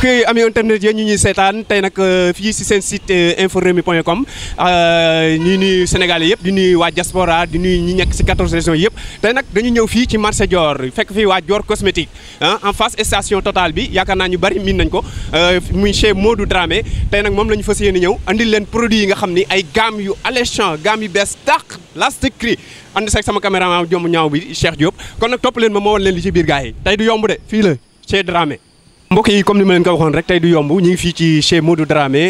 mbokk ami internet yéen ñu ñuy seetaan tey nag euh, fii si seen site euh, info rewmi point com euh, ñuy nuyu Sénégalais yëpp di nuyu waa diaspora di nuyu ñi nekk si 14 régions yëpp tey nag dañu ñëw fii ci marché Dior fekk fii waa Dior cosmétique ah en face station Total bi yaakaar naa ñu bari miin nañ ko muy chez Modou Dramé tey nag moom la ñu fas ñëw andil leen produit yi nga xam ay gamme yu alléchant gamme yu bees tàq last cri ànd seeg sama caméraman jom ñaaw bi Cheikh Diop kon nag topp leen ma moo woon leen li ci biir gars yi du yomb de fii la chez Dramé mbokk yi comme ni ma leen ko waxoon rek tey du yomb ñu ngi fii ci chez Modou Dramé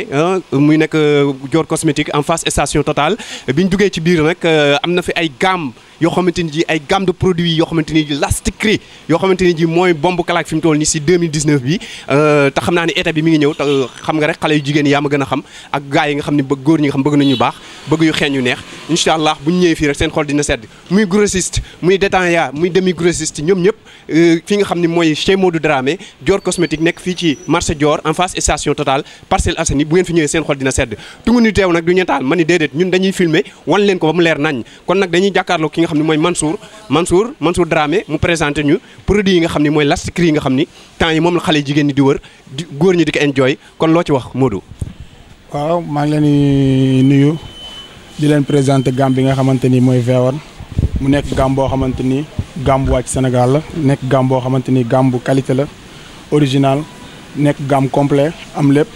muy nekk euh, Dior cosmétique en face station totale bi ñu duggee ci biir nag euh, am na fi ay gamme yoo xamante ji ay gamme de produits yo xamanteni ni ji lasticri yoo xamante ni ji mooy bomb kalaak toll ni si 2019 bi euh ta xamna ni état bi mi ngi ñew ta euh, xam nga rek xalé yu jigen yaa ma gëna xam ak gaay yi nga xam bëgg goor yi nga xam bëgg nañu baax bëgg yu xeeñ yu neex inshallah allah bu ñu ñëwee fii rek seen xol dina sédd muy grossiste muy détaillant muy demi grossiste ñom ñëpp euh, fi nga xamni moy chez Modou Dramé Dior cosmétique nek fi ci marché Dior en face station Total parcelle Assainies bu ngeen fi ñëw seen xol dina sédd tungu ni teew nak du ñëtal mani ni déedéet ñun dañuy filmer wan leen ko ba mu leer nañ kon nak dañuy jakarlo ki nga xam ne Mansour Mansour Mansour Dramé mu présenté ñu produit yi nga xam ne last cri yi nga xam ni temps yi moom la xale jigéen ñi di wër di góor ñi di ko enjoy kon loo ci wax Modou. waaw maa ngi leen di nuyu di leen présenté gam bi nga xamante ni mooy mu nekk gam boo xamante ni gam Sénégal la nekk gam boo xamante ni qualité la original nekk gamb complet am lépp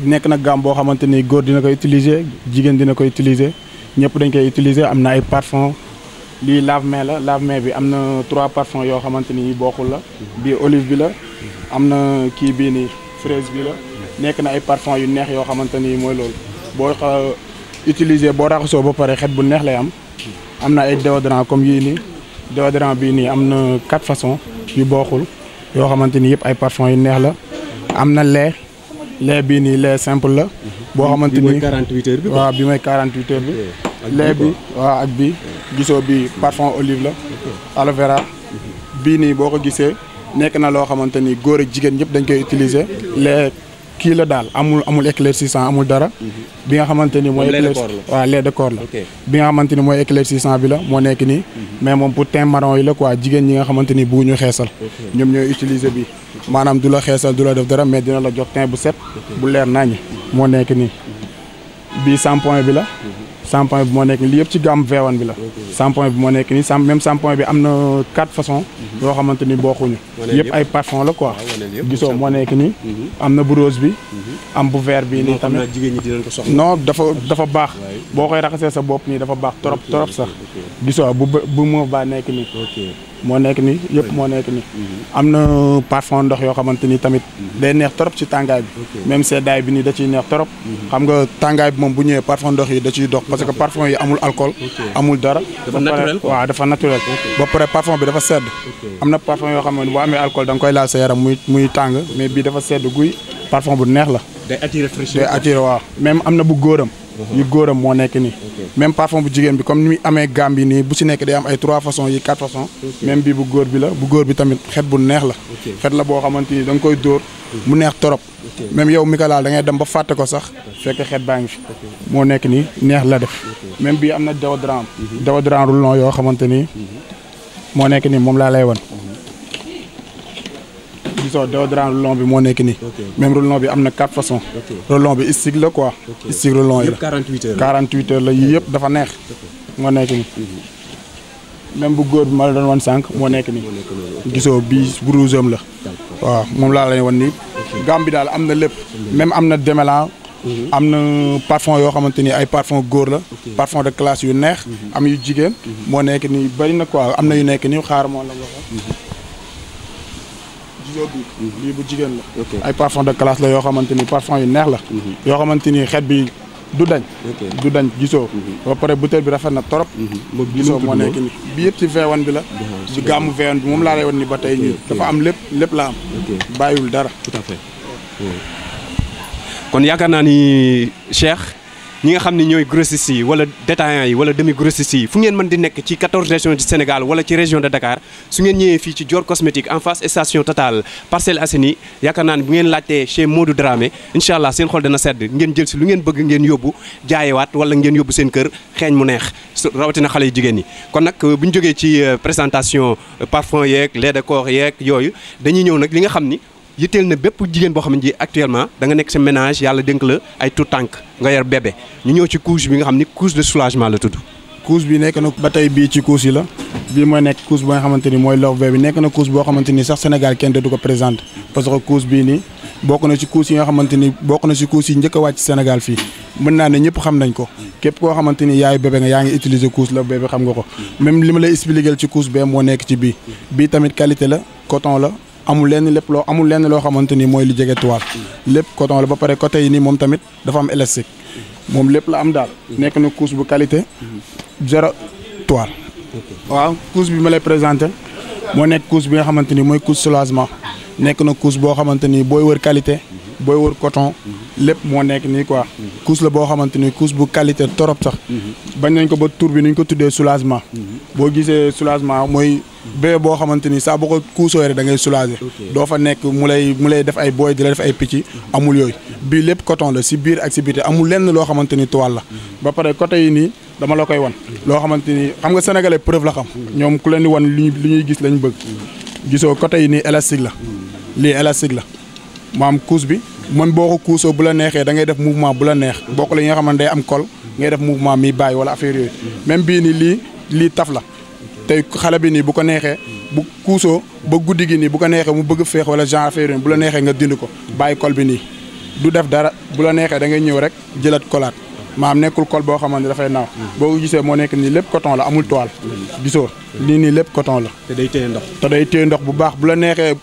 nekk na gam boo xamante ni góor dina ko utiliser jigéen dina ko utiliser ñëpp dañ koy utiliser am ay parfum li lave-main la lave-main bi amna na trois parfums yoo xamante ni la bi olive bi la amna ki bi ni fraise bi la nek na ay parfums yu neex yo xamanteni moy mooy bo boo utiliser bo raxasoo ba pare xet bu neex lay am amna ay déodorant comme yi ni déodorant bi ni amna na quatre façons yu bokul yo xamanteni ni ay parfums yu neex la amna lait lait bi ni lait simple la bo xamanteni 48 waaw bi wa bi may 48 heures bi lait bi waaw ak bii gisoo bii parfum olive la aloe vera bii nii boo ko gisee nekk na loo xamante ni góor ak jigéen ñëpp dañ koy utiliser lait kii la daal amul amul éclaircissant amul dara bi nga xamante ni mooy waaw lait de corps la bi nga xamante ni mooy éclaircissant bi la moo nekk nii mais moom pour teint marron yi la jigéen ñi nga xamante ni bugguñu xeesal ñoom ñooy utiliser bi maanaam du la xeesal du la def dara mais dina la jox teint bu set bu leer naññ moo nekk nii bii shampoing bi la 100 points bi mo nek li a ci gam vewan bi la. 100 points bi mo nek ni même 100 points bi am 4 quatre façons. Mhm. yo xamanteni bokkuñu. Y ay parfum la quoi. gisso mo nek ni amna rose bi. Mhm. am bu vert bi y tamit non dafa dafa bax boo koy raxasee sa bopp nii dafa baax trop trop sax gisoo bu bu moof baa nekk nii moo nekk nii yëpp moo nekk nii mhm. am na parfum ndox yoo xamante ni tamit mhm. day neex trop ci tàngaay bi même seddaay bi nii da ciy neex trop mhm. xam nga tàngaay bi moom bu ñëwee parfum ndox yi da ciy dox parce que parfum yi amul alcool amul dara waaw dafa naturel ba pare parfum bi dafa sedd am na parfum yoo xam ne boo amee alcool da nga koy laal sa yaram muy tàng mais bii dafa sedd guy parfum bu neex la day attiré waaw même am na bu góoram yu góoram moo nekk nii. même parfum bu jigéen bi comme ni muy amee gamme bi nii bu si nekk day am ay trois façons yi quatre façons. même bii bu góor bi la bu góor bi tamit xet bu neex la. xet la boo xamante ni da koy dóor. mu neex torop même yow mi ko laal da ngay dem ba fàtte ko sax fekk xet baa ngi fi moo nekk nii neex la def même bii am na déodorant mhm. déodorant roulon yoo xamante ni mhm. moo nekk nii moom laa lay wan gisoo déodorant roulon bi moo nekk même roulon bi am quatre façons. roulon bi la quoi. roulon yi la 48 heures 48 heures la yii dafa mhm. même bu góor bi ma la wan sànq moo nekk nii. gisoo bii la. waaw moom laa lay wan nii. gam bi daal am na mhm. même mhm. am na parfum yoo ay parfum la. parfum de classe yu neex. am yu jigéen. moo nekk nii bari na quoi am na yu nekk nii xaar la yóbbu mhm. bu jigéen la ay parfum de classe la yoo xamante ni parfum yu neex la mhm. yoo xamante ni xet bi du dañ du dañ gisoo mhm. ba pare bouteille bi rafet na trop gisoo moo nekk ni bi yëpp ci veewan bi la ci gàmmu veewan bi moom laa lay ni ba tey nii dafa am lépp lépp la am bàyyiwul dara tout kon yaakaar naa ni Cheikh ñi nga xam ne ñooy grossistes yi wala détaillants yi wala demi grossistes yi fu ngeen mën di nekk ci 14 régions du Sénégal wala ci région de Dakar su ngeen ñëwee fii ci Dior Cosmétique en face station Total Parcelles Assainies yaakaar naa bu ngeen laajtee chez Modou Dramé incha allah seen xol dana sedd ngeen jël si lu ngeen bëgg ngeen yóbbu jaayewaat wala ngeen yóbbu seen kër xeeñ mu neex rawatina xale yu jigéen ñi kon nag euh, bu ñu jógee ci euh, présentation euh, parfum yeeg lait de corps yeeg yooyu dañuy ñëw nag li nga xam ni yitteel na bépp jigéen boo xam ne ji actuellement da nga nekk sa ménage yàlla dénk la ay tout tànk nga yor bébé ñu ñëw ci couche bi nga xam ni couche de soulagement la tudd. couche bi nekk na ba tey bii ci couche yi la bii mooy nekk couche boo xamante ni mooy Love Baby nekk na couche boo xamante ni sax Sénégal kenn du ko présente parce que couche bii nii bokk na ci couche yi nga xamante ni bokk na ci couche yi njëkk a wàcc Sénégal fii mën naa ne ñëpp xam nañ ko képp koo xamante ni yaayu bébé nga yaa ngi utiliser couche Love Baby xam nga ko même ma lay expliquer ci couche moo nekk ci bii bii tamit qualité la coton la. amul lenn lépp loo amul lenn loo xamante ni mooy li jege tuwaat lépp coton la ba pare côté yi nii moom tamit dafa am élastique moom lépp la am daal nekk na couche bu qualité zéro toile waaw couche bi ma présenter. présenté moo nekk couche bi nga xamante ni mooy couche soulagement nekk na couche boo xamante ni booy qualité booy wër coton lépp moo nekk nii quoi couche la boo xamante ni couche bu qualité torop sax bañ nañ ko ba tur bi ni ñu ko tuddee soulagement boo gisee soulagement mooy bébé bo xamanteni sa saa ko kuusoo rek da ngay soulager do fa nek mu lay def ay boy di la def ay picc amul yoy bi lepp coton la ci bir ak ci biti amul lenn lo xamanteni toile la ba pare côté yi ni dama la koy wan lo xamanteni xam nga sénégalais preuve la xam ñom ku di wan li ñuy gis lañ bëgg giso côté yi ni élastique la li élastique la maam kous bi man boko ko bu la nexé da ngay def mouvement bu la nex bokk la nga xamanteni am col ngay def mouvement mi bay wala affaire yoy même bi ni li li taf la tey xale bi nii bu ko neexee bu kuusoo ba guddi gi nii bu ko neexee mu bëgg feex wala genre affaire bu la neexee nga dind ko bàyyi col bi nii du def dara bu la neexee da ngay ñëw rek jëlat kolaat maam nekkul kol boo xaman ne dafay naaw boo gisee moo nekk nii lépp coton la amul toile gisoo lii nii lépp coton la te day téye ndox day téye ndox bu baax bu la neexee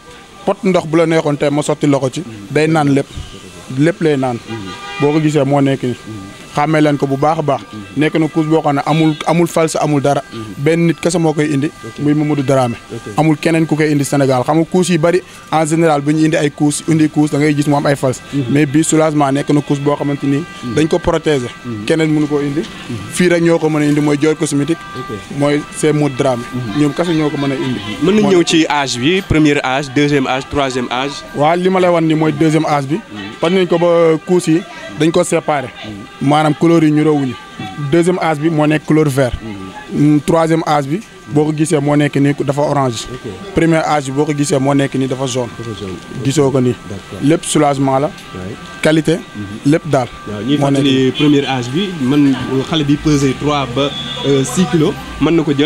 pot ndox bu la neexoon tey ma sotti loxo ci day naan lépp lépp lay naan boo ko gisee moo nekk nii xàmmee leen ko bu baax a baax nekk na course boo xam ne amul amul false amul dara mm-hmm. benn nit kese moo koy indi muy Mamadou Dramé amul keneen ku koy indi Sénégal xam nga course yi bëri en général bu ñu indi ay course indi course da ngay gis mu am ay false mm-hmm. mais bii soulagement nekk na course boo xamante ni mm-hmm. dañ ko protéger keneen mënu koo indi fii rek ñoo ko mën a indi mooy Dior cosmétique mooy c'est Mamadou Dramé ñoom kese ñoo ko mën a indi mën nañ ñëw ci âge bi premier âge deuxième âge troisième âge waaw li lay wan ni mooy deuxième âge bi faj nañ ko ba course yi dañ ko séparé maanaam couleur yi ñu roowuñu deuxième bi moo nekk couleur vert troisième âge bi boo orange. premier âge jaune. soulagement qualité. Mhm. Nous avons premier âge man 3 ba 6 euh, kg.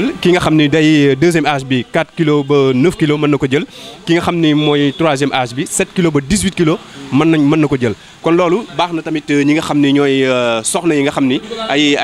Euh, deuxième âge 4 kg, 9 kg. je ki troisième âge 7 kg 18 kilos je kon tamit euh, ñi nga soxna yi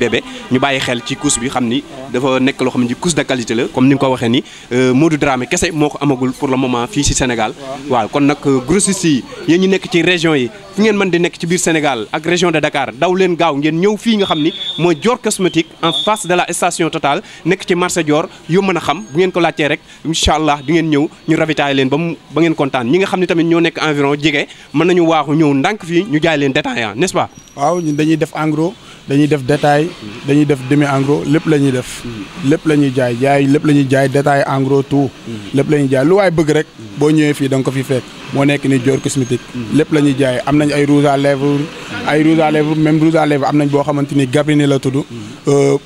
bébé ñu bàyyi xel ci course bi xamni dafa nek lo xamni ne de qualité la comme ni nga ko waxee ni euh, Modou Dramé kessé moko amagul pour le moment fi ci Sénégal waaw kon nak euh, grossistes yi yéen nek ci région yi fi ngeen mën di nek ci biir Sénégal ak région de Dakar daw leen gaaw ngeen ñew fi nga xamni ni mooy Dior cosmétique en face de la station Total nek ci marché Dior yu mëna xam bu ngeen ko laajtee rek inshallah di ngeen ñew ñu ravitailler leen ba ba ngeen kontaan ñi nga xamni tamit ñoo nek environ jege mën nañu waxu ñew ndank fi ñu jaay leen détaillant n'est-ce pas waaw ñun dañuy def en gros dañuy def détail dañuy def demi en gros lépp la ñuy def lépp la ñuy jaay jaay lépp la ñuy jaay détail en gros tout lépp la ñuy jaay lu waay bëgg rek boo ñëwee fii da nga ko fi fekk moo nekk ni Dior cosmétique lépp la ñuy jaay am nañ ay rouge à lèvres ay rouge à lèvres même rouge à lèvres am nañ boo xamante ni Gabrini la tudd euh,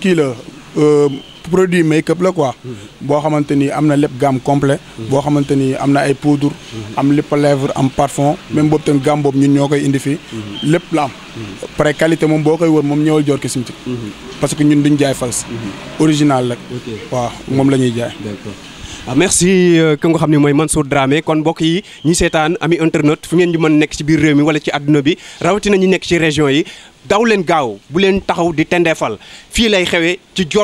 kii la euh, produit make-up la quoi. boo xamante ni am na lépp gamme complet boo xamante ni am na ay poudre. am lépp lèvre am parfum. même boob tamit gamme boobu ñun ñoo koy indi fii. lépp la am. après qualité moom boo koy wër moom ñëwal joor ki sim ci. parce que ñun duñ jaay fals. original la. waaw moom la ñuy jaay. ah merci euh, ki nga xam ne mooy Mansour Dramé kon mbokk yi ñi seetaan ami internet fu ngeen di mën nekk ci biir réew mi wala ci àdduna bi rawatina ñi nekk ci région yi daw leen gaaw bu leen taxaw di tendeefal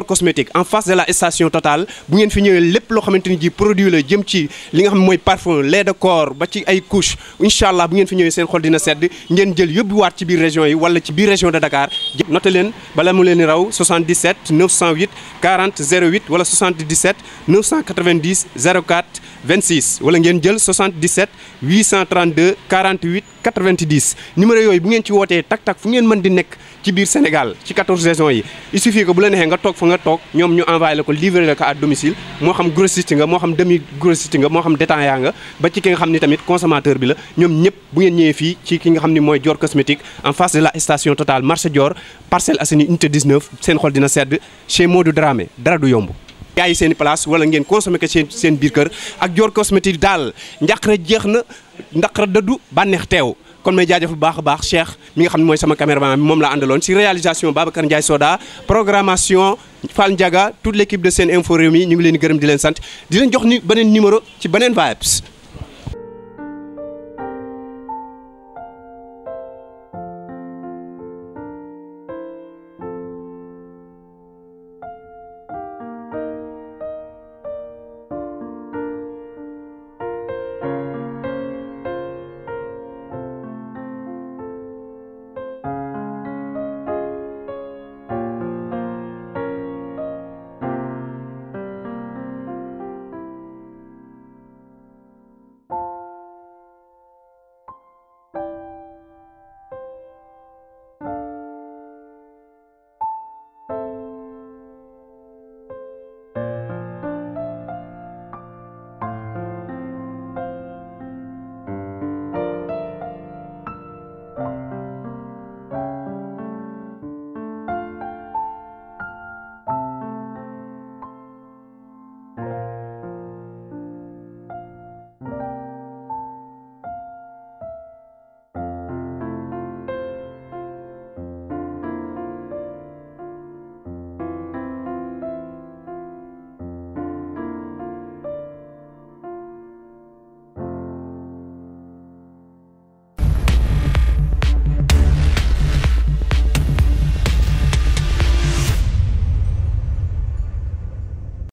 cosmétique en face de la station totale bu ngeen fi ñëwee lépp produit le jëm ci li parfum lait de corps ba ci ay couche incha allah bu ngeen fi ñëwee seen xol dina sedd ngeen jël yóbbuwaat ci biir région yi wala ci biir région de Dakar. noté leen bala mu raw 77 908 40 08 wala 77 990 04 26 wala ngeen jël 77 832 48 90 numéro Yoy, bu ngeen ci tak tak fu di nekk ci biir Sénégal ci 14 régions yi il suffit bu la neexee nga toog fa nga toog ñoom ñu envoyé la ko livré la ko à domicile moo xam grossiste nga moo xam demi grossiste nga moo xam détaillant nga ba ci ki nga xam ni tamit consommateur bi la ñoom ñëpp bu ngeen ñëwee fii ci ki nga xam ni mooy Dior cosmétique en face de la station Total marché Dior Parcelles Assainies unité 19 seen xol dina sedd chez Modou Dramé dara du yomb yaay seen i wala ngeen consommé ko seen seen biir kër ak Dior cosmétique daal njaqare jeex na ndaqara dëddu bànneex teew kon may jaajëf bu baax baax Cheikh mi nga xam ne mooy sama caméraman bi moom la àndaloon si réalisation Babacar Ndiaye Soda programmation Fall Ndiaga toute l' équipe de Sene Info Rewmi ñu ngi leen di gërëm di leen sant di leen jox ni beneen numéro ci beneen vibes